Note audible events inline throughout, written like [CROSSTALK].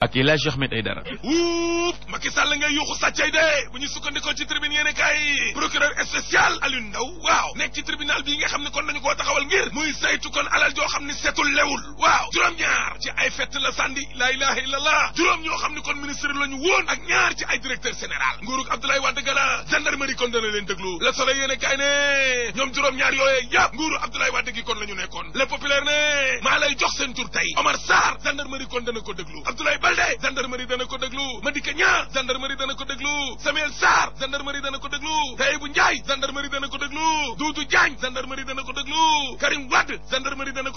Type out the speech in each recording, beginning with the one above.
ak El Hadj Ahmed Aïdara wuup Macky Sall ngay yuuxu sàccay de bu ñu sukkandikoo ci tribune yéen kaay procureur spécial Alioune Ndao waaw nekk ci tribunal bii nga xam ne kon dañu koo taxawal ngir muy saytu kon alal joo xam ne setul lewul waaw juróom ay fett la sandi la ilaha illallah juróom ñoo xam ne kon ministre la ñu woon ak ñaar ci ay directeur général nguurug Abdoulaye Wade ga la gendarmerie kon dana leen déglu Le Soleil yéene kaay ne ñoom juróom ñaar yooyee yàpp nguuru Abdoulaye Wade gi kon la ñu nekkoon Le Populaire ne maa lay jox seen tur tey Omar Sarr gendarmerie kon dana ko déglu Abdoulaye Baldé gendarmerie dana ko déglu Madické Niang gendarmerie dana ko déglu Samuel Sarr gendarmerie dana ko déglu Tahibou Ndiaye gendarmerie dana ko déglu Doudou Diagne gendarmerie dana ko déglu Karim Wade gendarmerie dana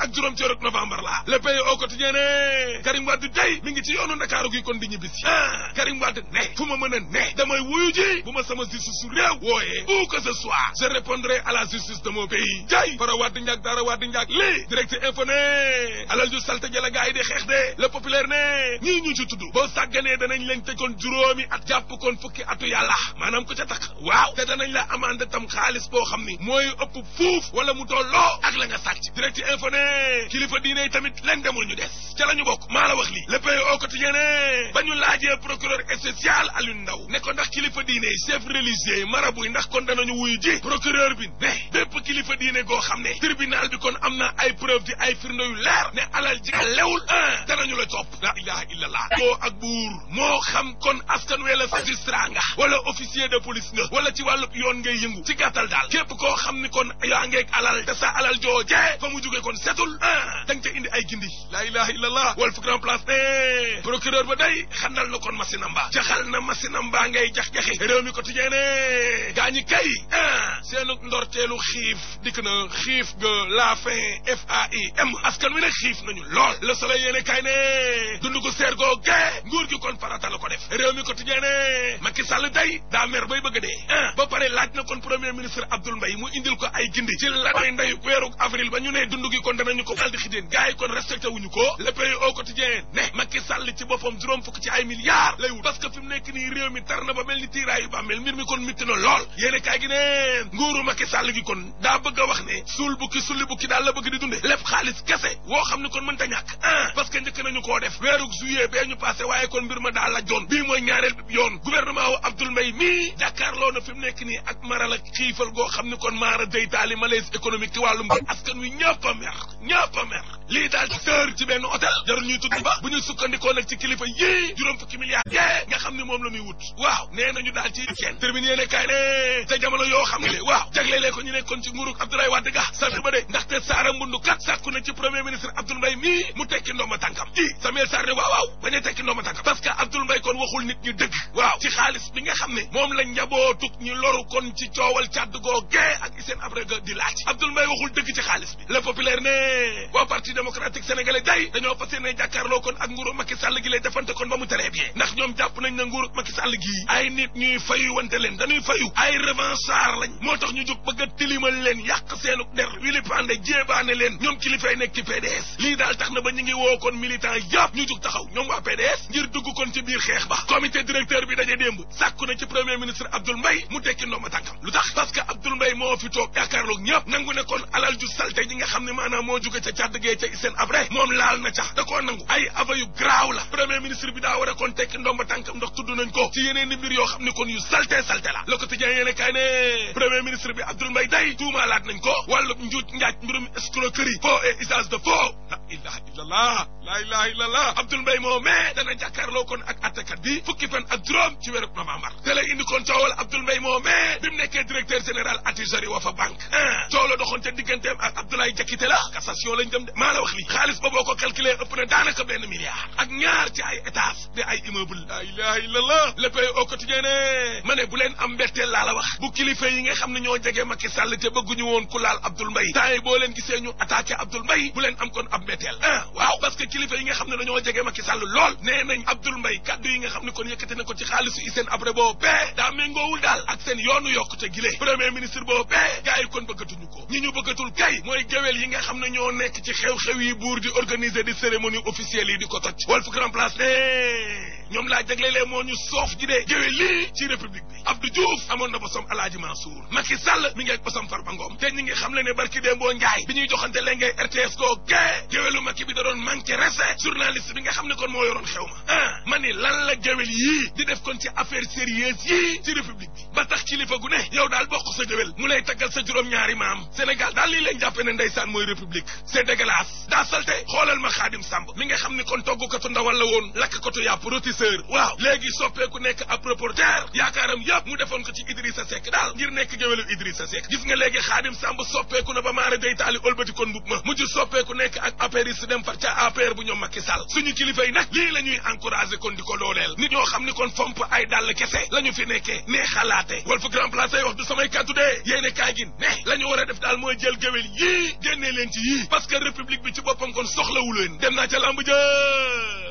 ak juróom ci rek novembre la la pays au ne Karim Wade day mi ngi ci yoonu Ndakaaru gi kon di ñibbisi ah Karim Wade ne fu ma mën a ne damay wuyu ji bu ma sama justice su réew wooyee où que ce soit je répondrai à la justice de mon pays day fara Wade njaak dara Wade njaak lii direct info ne alal ju salte jëla gaa yi di xeex de le populaire ne ñii ñu ci tudd boo sàgganee danañ leen tëjoon juróomi at jàpp kon fukki atu yàlla maanaam ko ca takk waaw te danañ la amande tam xaalis boo xam ni mooy ëpp fuuf wala mu tolloo ak la nga sàcc direct info ne leen demul ñu des ca la ñu bokk maa la wax lii le pays au laajee procureur spécial Alioune Ndao ne ko ndax kilifa diine chef religieux yi marabu ndax kon danañu wuyu ji procureur bi ne bépp kilifa diine goo xam ne tribunal bi kon am na ay preuve di ay firnde yu leer ne alal ji lewul un danañu la topp la ilaha illallah yoo ak buur moo xam kon askan wee la magistrat nga wala officier de police nga wala ci wàllu yoon ngay yëngu ci gàttal daal képp koo xam ni kon yaa ngeeg alal de sa alal joojee fa mu jugee kon setul un danga indi ay gindi la ilaha illallah wal fuk remplace jaxal na kon masinam baa jaxal na masinam baa ngay jax-jaxi réew mi quotidien gaa ñi kay ah seenu ndorteelu xiif dikk na xiif ga la faim f a i m askan wi nag xiif nañu lool la soleil yéene kay ne dund ko seer goo gee nguur gi kon farata la ko def réew mi quotidien Macky Sall day daa mer bay bëgg dee ah ba pare laaj na kon premier ministre Abdoul Mbaye mu indil ko ay gindi ci la bay ndeyu weeruk avril ba ñu ne dund gi kon danañu ko daldi xidéen gars kon respecté ko le pays au quotidien ne Macky Sall ci milliards lay wut parce que fi mu nekk nii réew mi tar na ba mel ni tiiraayu bàmmeel mbir mi kon mitti na lool yéene kaay gi ne nguuru Macky Sall gi kon daa bëgg a wax ne suul bukki sulli bukki daal la bëgg di dunde lépp xaalis kese woo xam ne kon mënta ñàkk ah parce njëkk nañu koo def weeruk juillet bee ñu passé waaye kon mbir ma daal la joon bii mooy ñaareel yoon gouvernement wu Abdoul Mbaye mii jàkkaarloo na fi nekk nii ak maral ak xiifal goo xam ne kon maara day taali malaise économique lii daal ci kër ci benn hôtel jarul ñuy tudd ba bu ñu sukkandikoo nag ci kilifa yii juróom fukki milliards yee nga xam ne moom la ñuy wut waaw nee nañu daal ci kenn termine yéene kaay te jamono yoo xam ne waaw jagleelee ko ñu nekkoon ci nguurug Abdoulaye Wade ga sant ba de ndaxte Saara Mbundu kat sàkku na ci premier ministre Abdoul mii mu tekki ndooma tànkam di Samuel Sarr ne waaw waaw bañ a tekki ndooma tànkam parce que Abdoul Mbaye moom la njabootug ñu loru kon démocratique sénégalais day dañoo fas yéene jàkkaarloo ak nguuru Macky Sall gi lay defante kon ba mu teree bien ndax ñoom jàpp nañ na nguuru Macky Sall gii ay nit ñuy fayu wante leen dañuy fayu ay revanchard lañ moo tax ñu jóg bëgg a tilimal leen yàq seenu der wili jéebaane leen ñoom kilifay nekk ci PDS lii daal tax na ba ñu ngi woo kon militant yëpp ñu jóg taxaw ñoom waa PDS ngir dugg kon ci biir xeex ba comité directeur bi daje démb Séy seen après moom laal na cax da koo nangu ay ava yu graaw la premier ministre bi daa war a kon tekki ndomba tànkam ndax tudd nañ ko ci yeneen i mbir yoo xam ne kon yu salte salte la Le Quotidien yéene kay ne premier ministre bi Abdoul Mbaye day tuumaalaat nañ ko wàllu njuut njaaj mbirum escroquerie faux et usage de faux la ilaha illallah la ilaha illallah Abdoul Mbaye moo mais dana jàkkaarloo kon ak attakat bi fukki fan ak juróom ci weeru novembre te lay indi kon coowal Abdoul Mbaye moo mais bi mu nekkee directeur général Attijari Wafa Bank coow la doxoon ca digganteem ak Abdoulaye Jakite la cassation lañ dem de la wax li xaalis ba boo ko ëpp na daanaka benn milliard ak ñaar ci ay étage di ay immeuble la ilaha illallah le pays au quotidien ne ma ne bu leen am mbetteel laa wax bu kilifa yi nga xam ne ñoo jege Macky Sall te bëgguñu woon ku laal Abdoul Mbaye temps yi boo leen gisee ñu attaqué leen am kon ab mbetteel ah waaw parce que kilifa yi xam ne dañoo jege Macky Sall lool nee nañ Abdoul kaddu yi nga xam ne kon yëkkati na ko ci xaalisu i Habré boo bee daa méngoowul daal ak seen yoonu yokkute gilee premier ministre ko ñi ñu bëggatul kay mooy géwél yi nga xam ne ñoo nekk xew xew-xew yi buur di organiser di cérémonie officielle yi di ko toj Walf Grand Place ne ñoom laa jaglelee moo ñu soof ji dee jëwe ci république bi Abdou Diouf amoon na bosam Alaaji Mansour Macky Sall mi ngi ak bosam Farba Ngom te ñi ngi xam le ne barki dee mboo njaay bi ñuy joxante leen RTS koo gee jëwelu Macky bi da doon manqué respect journaliste bi nga xam ne kon moo yoroon xew ma ah ma ni lan la jëwel yii di def kon ci affaire sérieuse yii ci république bi ba tax kilifa gu ne yow daal bokk sa jëwel mu lay taggal sa juróom-ñaari maam daal lii leen jàppe ne ndeysaan mooy république c'est nga xam ne kon toggukatu ndawal professeur waaw léegi soppeeku nekk ab reporter yaakaaram yëpp mu defoon ko ci Idrissa Seck daal ngir nekk géwélu Idrissa Seck gis nga léegi Xaadim Samb soppeeku na ba maara day taali ëlbati kon mbub ma mujj soppeeku nekk ak apériste dem far ca APR bu ñoom Macky Sall suñu kilifa yi nag lii la ñuy encouragé kon di ko dooleel nit ñoo xam ni kon fomp ay dàll kese la fi nekkee nee xalaate Walf Grand Place ay wax du samay kàddu dee yéene kaay gi ne a def daal mooy jël géwél yii leen ci yii parce que république bi ci boppam kon soxlawu leen dem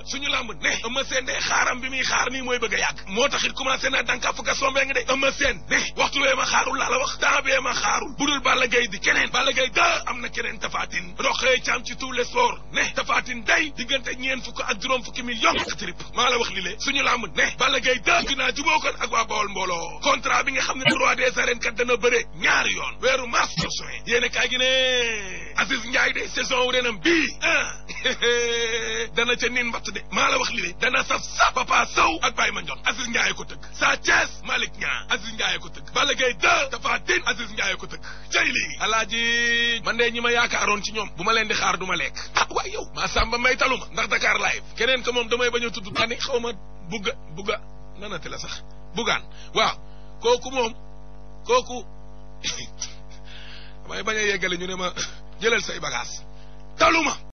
suñu làmb ne Eumeu Sène de xaaram bi muy xaar nii mooy bëgg a yàgg moo tax it commencé na dànka fukka nga de Eumeu ne waxtu wee ma xaarul laa la wax temps bee ma xaarul bu Balla Gaye di keneen Balla Gaye da am na keneen tafaatin roxee caam ci tous les sports ne tafaatin day diggante ñeen fukk ak juróom fukki million ak trip maa wax li le suñu làmb ne Balla Gaye da dinaa juboo ak waa Bawol mbooloo contrat bi nga xam ne roi des arènes kat dana bëre ñaari yoon weeru mars prochain yéene kaay gi ne Aziz Ndiaye de [LAUGHS] gàtt de maa la wax li dana a saf papa sow ma Baye Mandione Aziz Ndiaye ko tëgg Sa Thiès Malick Niang Aziz Ndiaye ko tëgg Balla Gaye 2 Tapha Tine Aziz Ndiaye ko tëgg jëy lii alaaji man de ñi ma yaakaaroon ci ñoom bu ma leen di xaar du ma lekk ah waay yow maa sàmba may taluma ndax Dakar live keneen ko moom damay bañ a tudd tani xaw ma bugga bugga nanate la sax bugaan waaw kooku moom kooku [LAUGHS] damay bañ a yeggale ñu ne ma jëlal say bagaas taluma